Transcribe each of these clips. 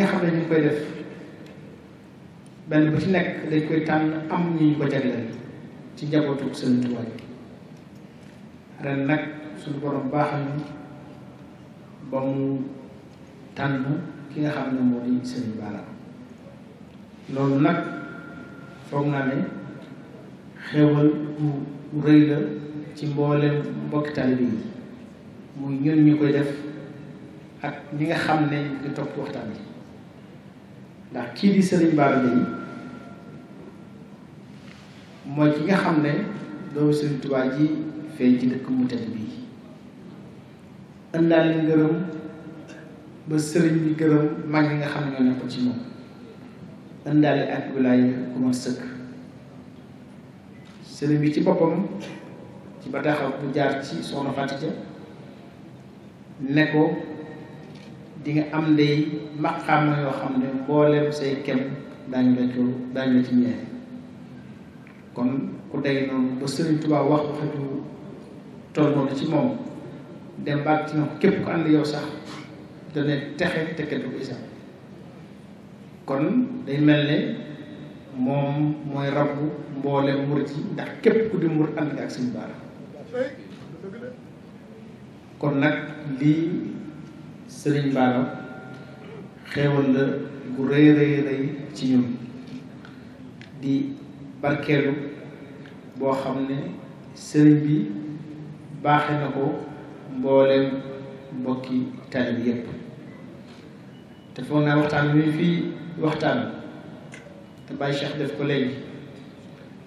nga xam ne ñu koy def benn bu ci nekk dañ koy tànn am ñu ñu ko jagleel ci njabootu Sëriñ Tuubaa ren nag suñu borom baax ba mu tànn ki nga xam ne moo di Sëriñ Bara loolu nag foog naa ne xéewal bu rëy la ci mboolem mbokki taalibe yi ñun ñu koy def ak ñi nga xam ne ñu ngi topp waxtaan bi ndax kii di sëriñ Bara Ndiaye mooy ki nga xam ne doomu sëriñ Tuubaa ji feeñ ci dëkk mu tedd bii ëndaale ngërëm ba sëriñ bi gërëm mag yi nga xam ne ñoo nekkoon ci moom ëndaale ak wilaay ku ma sëkk sëriñ bi ci boppam ci bataaxal bu jaar ci soxna Faatija ne ko di nga am day maqaama yoo xam ne mboolem say kem daañu la ci daañu la ci ñeene kon ku day noonu ba Sëriñ Tuubaa wax waxatu toll noonu ci moom dem baat ci moom képp ku ànd yow sax dana texe te kenn du ko isaab kon day mel ne moom mooy rabbu mboolem murit yi ndax képp ku di murit ànd nga ak Sëriñ Baara kon nag lii sëriñ Bara xéewal la gu rëy rëy rëy ci ñun di barkeelu boo xam ne sëriñ bi baaxe na ko mbooleem mbokki talib yépp te foog naa waxtaan wi fii waxtaan te bàyyi Cheikh def ko léegi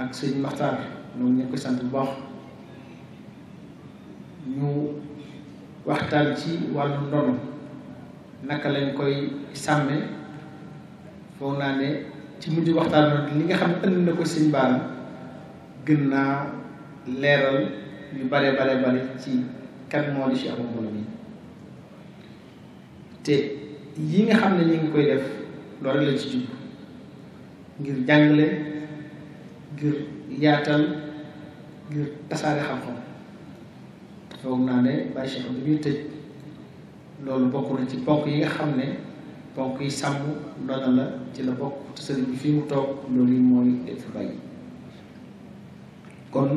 ak sëriñ Maxtaar noonu ñu sant bu baax ñu waxtaan ci wàllu ndono naka lañ koy sàmme foog naa ne ci mujj waxtaan li nga xam ne ënd na ko sëñ baara gën naa leeral yu bare bare bare ci kan moo di Cheikh Mamadou bi te yi nga xam ne ñu ngi koy def loolu lañ ci jub ngir jàngale ngir yaatal ngir tasaare xam-xam foog naa ne bàyyi Cheikh bi muy tëj loolu bokk na ci ponk yi nga xam ne bokk yi sàmm doona la ci la bokk te sëriñ bi fi mu toog loolu mooy def bàyyi kon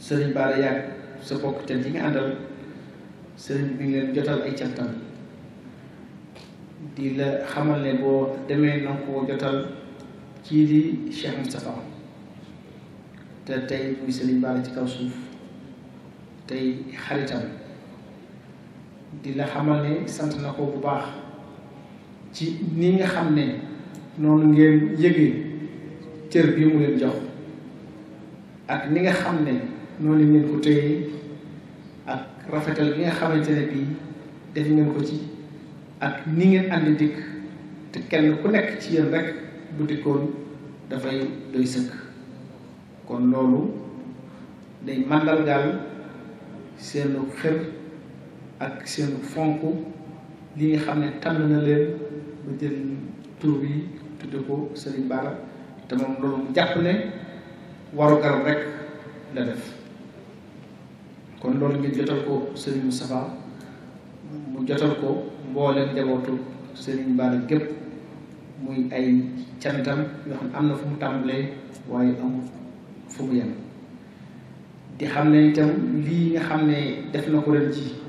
sëriñ Bara yàgg sa bokk te yi nga àndal sëriñ bi ngeen jotal ay cantam di la xamal ne boo demee na ko jotal kii di Cheikh Moustapha te tey muy sëriñ Bara ci kaw suuf tey xaritam di la xamal ne sant na ko bu baax ci ni nga xam ne noonu ngeen yëge cër bi mu ngeen jox ak ni nga xam ne noonu ngeen ko ak rafetal bi nga xamante ne bii def ngeen ko ci ak ni ngeen ànd dikk te kenn ku nekk ci yéen rek bu dikkoon dafay doy sëkk kon loolu day màndargaal seenu xër ak seenu fonk li nga xam ne tànn na leen ba jël tur bi tudde ko Serigne Bara te moom loolu mu jàpp ne waru rek la def kon loolu ngeen jotal ko Serigne Moustapha mu jotal ko mbooleen njabootu Serigne Bara gépp muy ay cantam yoo xam am na fu mu tàmbalee waaye amul fu mu yem di xam ne itam lii nga xam ne def na ko ren ji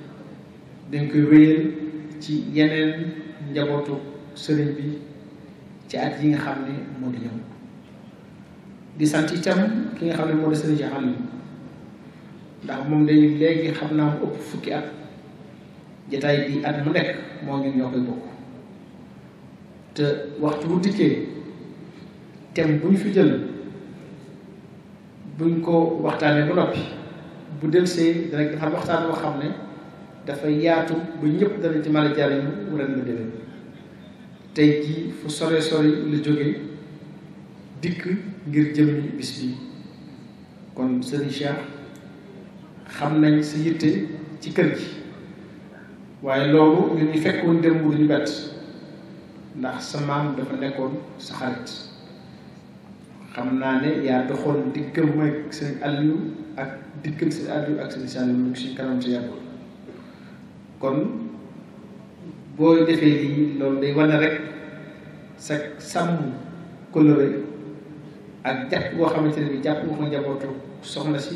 dañ koy wéyal ci yeneen njabootu sëriñ bi ci at yi nga xam ne moo di ñëw di sant itam ki nga xam ne moo di sëriñ Jaxal ndax moom day léegi xam naa fukki at jataay bi at mu nekk moo ngi ñoo koy bokk te waxtu wu dikkee thème bu ñu fi jël buñ ko waxtaanee ba noppi bu dellusee dana defar waxtaan boo xam ne dafa yaatu ba ñëpp dana ci mën a jariñu ren nga déwén tey jii fu sore sori lu jóge dikk ngir jëmmi bis bi kon sëriñ Cheikh xam nañ si yitte ci kër gi waaye loolu ñun ñu fekkoon démb duñu bett ndax sa maam dafa nekkoon sa xarit xam naa ne yaa doxoon dikkam ak sëriñ Aliou ak dikkam sëriñ Aliou ak sëriñ Saliou mu ngi si kanam sa yàggul kon boo defee lii loolu day wane rek sa sàmm coloré ak jàpp boo xamante ne bi jàpp nga ko soxna si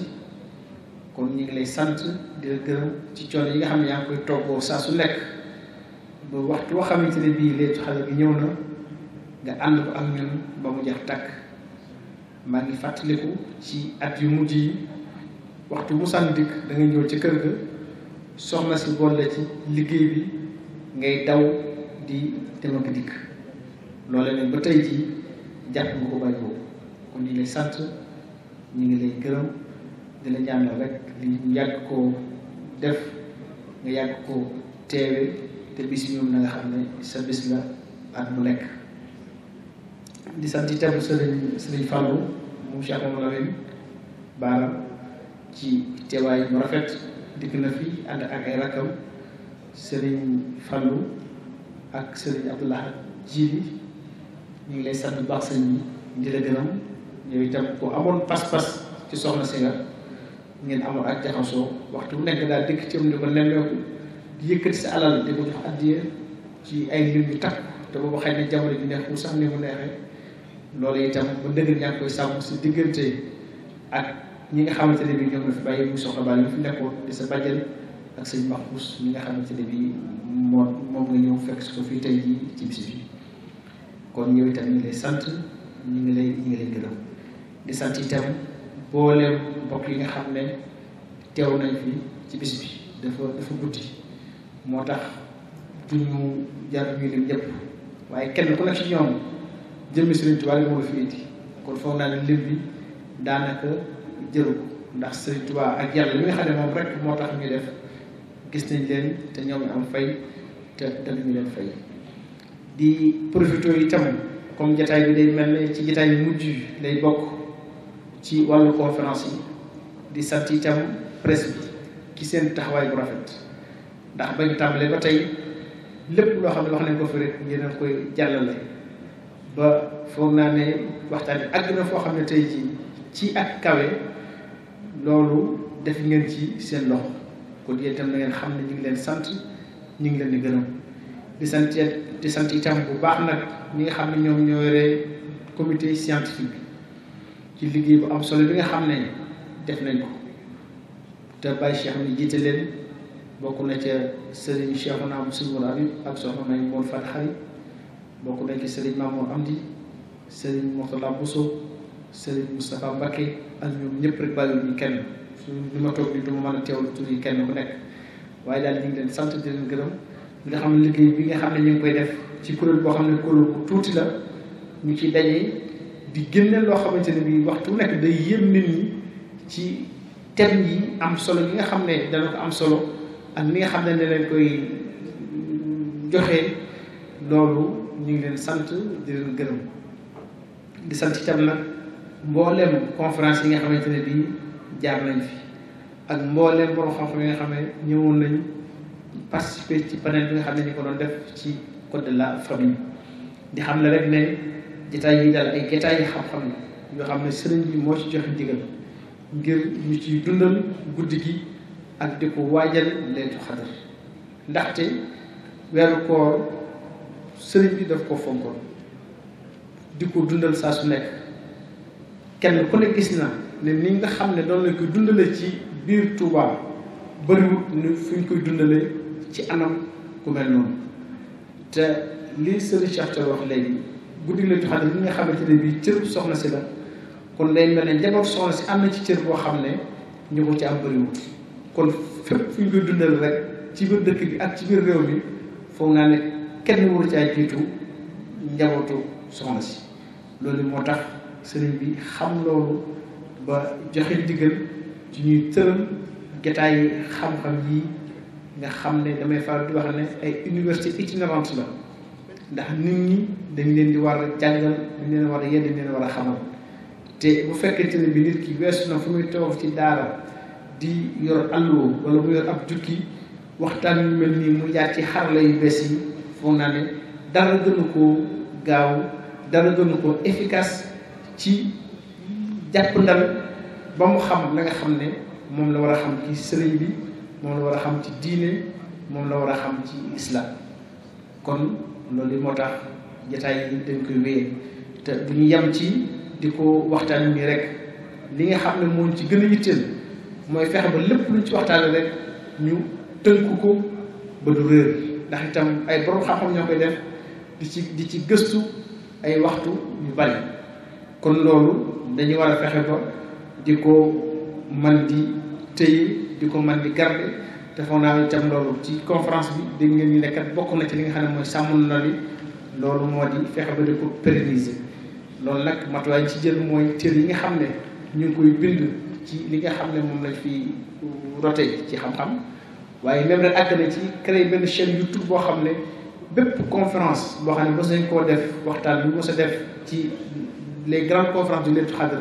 kon ñu ngi lay sant di la gërëm ci coono yi nga xam ne yaa ngi koy toggoo saa su nekk ba waxtu boo xamante ne bii léegi xale bi ñëw na nga ànd ko ak ñun ba mu jeex tàkk maa ngi fàttaliku ci at yu mujj yi waxtu mu sànni dikk dangay ñëw ci kër ga. soxna si boole ci liggéey bi ngay daw di dem ak dikk loolee nag ba tey jii jàpp nga ko bàyyi kon ñu lay sant ñu ngi lay gërëm di la rekk rek li ñu yàgg koo def nga yàgg koo teewe te bis ñoom na nga xam ne sa bis la ak mu lekk di sant itam sëriñ sëriñ Fallou mu Cheikh Mamadou Lamine Bara ci teewaay bu rafet dikk na fi ànd ak ay rakkam sëriñ Fallou ak sëriñ Abdoulaye Djibi ñu ngi lay sant bu baax sëriñ bi di la gërëm yow itam ku amoon pas-pas ci soxna si nga ngeen amoon ak jaxasoo waxtu bu nekk daal dikk ci am di ko nemmeeku di yëkkati sa alal di ko jox addiya ci ay mbir yu takk te boobu xëy na jamono ji neexul sax ni mu neexee loolu itam bu ndëgër ñaa ngi koy sàmm si diggante ak ñi nga xamante ne bii ñoom la fi bàyyi mu soxla baal fi nekkoon di sa bàjjal ak sëñ Mahfous mi nga xamante ne bii moo moom nga ñëw fekk su fii tey jii ci bis bi kon yow ñu ngi sant ñu ngi lay ñu ngi lay gërëm di sant itam booleem mbokk yi nga xam ne teew nañ fi ci bis bi dafa dafa guddi moo tax du ñu jar ñu lim ñëpp waaye kenn ku nekk ci ñoom jëmmi Sëriñ Tuubaa moo la fi indi kon foog naa ne lim bi. daanaka jëru ndax Sëriñ ak yàlla mi nga xam moom rek moo tax ñu def gis nañ leen te ñoom ñu am fay te danañu leen fay di profito itam comme jataay bi day mel ne ci jataay yu mujj lay bokk ci wàllu conférence yi di sant itam presse bi ci seen taxawaay bu rafet ndax bañ tàmbalee ba tey lépp loo xam ne wax nañ ko fi rek yéen a koy jàllale ba foog naa ne waxtaan bi àgg na foo xam ne tey ci ak kawe loolu def ngeen ci seen loxo kon yéen itam na ngeen xam ne ñu ngi leen sant ñu ngi leen di gërëm di sant di sant yi itam bu baax nag ñi nga xam ne ñoom ñoo yore comité ci liggéey bu am solo bi nga xam ne def nañ ko te Baye Cheikh ni jiite leen bokk na ca Serigne Cheikhouna Moussa Mour Habib ak soxna May Mour Fat Xari bokk na ci Serigne Mamour Amdi Serigne Mourtala Bousso Serigne Moustapha Mbacke ak ñoom ñëpp rek bàyyi ñu kenn suñu li ma toog nii du ma mën a teewlu tur yi kenn ku nekk waaye daal ñu ngi leen sant di leen gërëm nga xam ne bi nga xam ne ñu ngi koy def ci kuréel boo xam ne kuréel bu tuuti la ñu ci dajee di génne loo xamante ne bii waxtu nekk day yéem nit ñi ci thème yi am solo yi nga xam ne dana am solo ak ni nga xam ne ne leen koy joxe loolu ñu ngi leen sant di leen gërëm mboolem conférence yi nga xamante ne bii jaar nañ fi ak mboolem borom xam-xam yi nga xam ne ñëwoon nañ participer ci panel bi nga xam ne ñu ko doon def ci code de famille di xam ne rek ne jataay yi daal ay jataay yi xam-xam la yoo xam ne sëriñ bi moo ci joxe ndigal ngir ñu ci dundal guddi gi ak di ko waajal leen xadar ndaxte weeru koor sëriñ bi daf ko fonkoon di ko dundal saa su nekk kenn ku ne gis na ne ni nga xam ne doon nañ koy dundale ci biir Touba bëriwut ni fu ñu koy dundale ci anam ku mel noonu te lii Serigne Cheikh Thioro wax léegi guddi la joxante li nga xamante ne bii cër soxna si la kon day mel ne njaboot soxna si am na ci cër koo xam ne ñu ko ci am bëriwut kon fépp fu ñu koy dundale rek ci biir dëkk bi ak ci biir réew bi foog naa ne kenn waru caa jiitu njabootu soxna si loolu moo tax sëriñ bi xam loolu ba joxe ndigal ci ñuy tëral jataay xam-xam yi nga xam ne damay faral di wax ne ay université itinérante la ndax nit ñi dañ leen di war a jàngal dañ leen war a yedd leen war a xamal te bu fekkente ne bi nit ki weesu na fu muy toog ci daara di yor alluwo wala mu yor ab jukki waxtaan yu mel nii mu jaar ci xarala yu bees yi foog naa ne dara gënu koo gaaw dara gënu koo efficace ci jàpp ndal ba mu xam na nga xam ne moom la war a xam ci sëriñ bi moom la war a xam ci diine moom la war a xam ci isla kon loolu moo tax jataay yi dañ koy wéyee te bu ñu yem ci di ko waxtaan bi rek li nga xam ne moom ci gën a yitteel mooy fexe ba lépp luñ ci waxtaanee rek ñu tënk ko ba du réer ndax itam ay borom xam-xam ñoo koy def di ci gëstu ay waxtu yu bari kon loolu dañuy war a fexe ba di ko man di téye di ko man di garde te foog naa itam loolu ci conférence bi dégg ngeen ñu ne kat bokk na ci li nga xam ne mooy sàmm na loolu moo di fexe ko pérenniser loolu nag matuwaay ci jël mooy cër yi nga xam ne ñu ngi koy bind ci li nga xam ne moom lañ fii rote ci xam-xam waaye même ren àgg na ci créé benn chaîne YouTube boo xam ne bépp conférence boo xam ne mos nañ koo def waxtaan bi mos a def ci les grandes conférences du Laylatul Qadr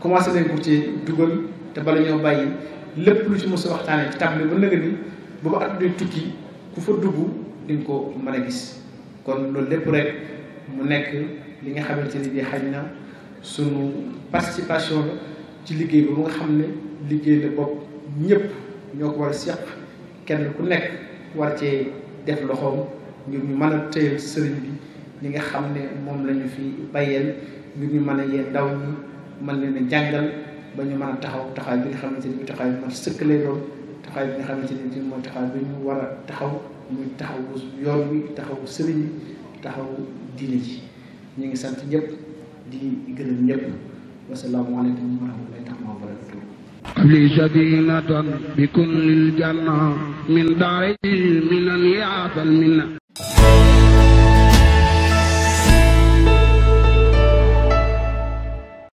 commencé nañ ko ci dugal te bala ñoo bàyyi lépp lu ci mos a waxtaanee ci table ba nëgë ni bu ba at tukki ku fa dugg diñ ko mën a gis kon loolu lépp rek mu nekk li nga xamante ni bi xaj na sunu participation la ci liggéey ba mu nga xam ne liggéey la bopp ñëpp ñoo ko war a seq kenn ku nekk war cee def loxoom ngir ñu mën a téyal sëriñ bi li nga xam ne moom lañu ñu fi bàyyeel ngir ñu mën a yee ndaw ñi mën leen a jàngal ba ñu mën a taxaw taxaw bi nga xamante ne bi taxaw bi mat sëkk lay doon taxaw bi nga xamante ne bi mooy taxaw bi ñu war taxaw sëriñ taxaw diine ji ñu ngi sant ñëpp di gërëm ñëpp wasalaamualeykum wa rahmatullahi wa barakatuh li sadinatan bi kun lil janna min daari minan yaasal minna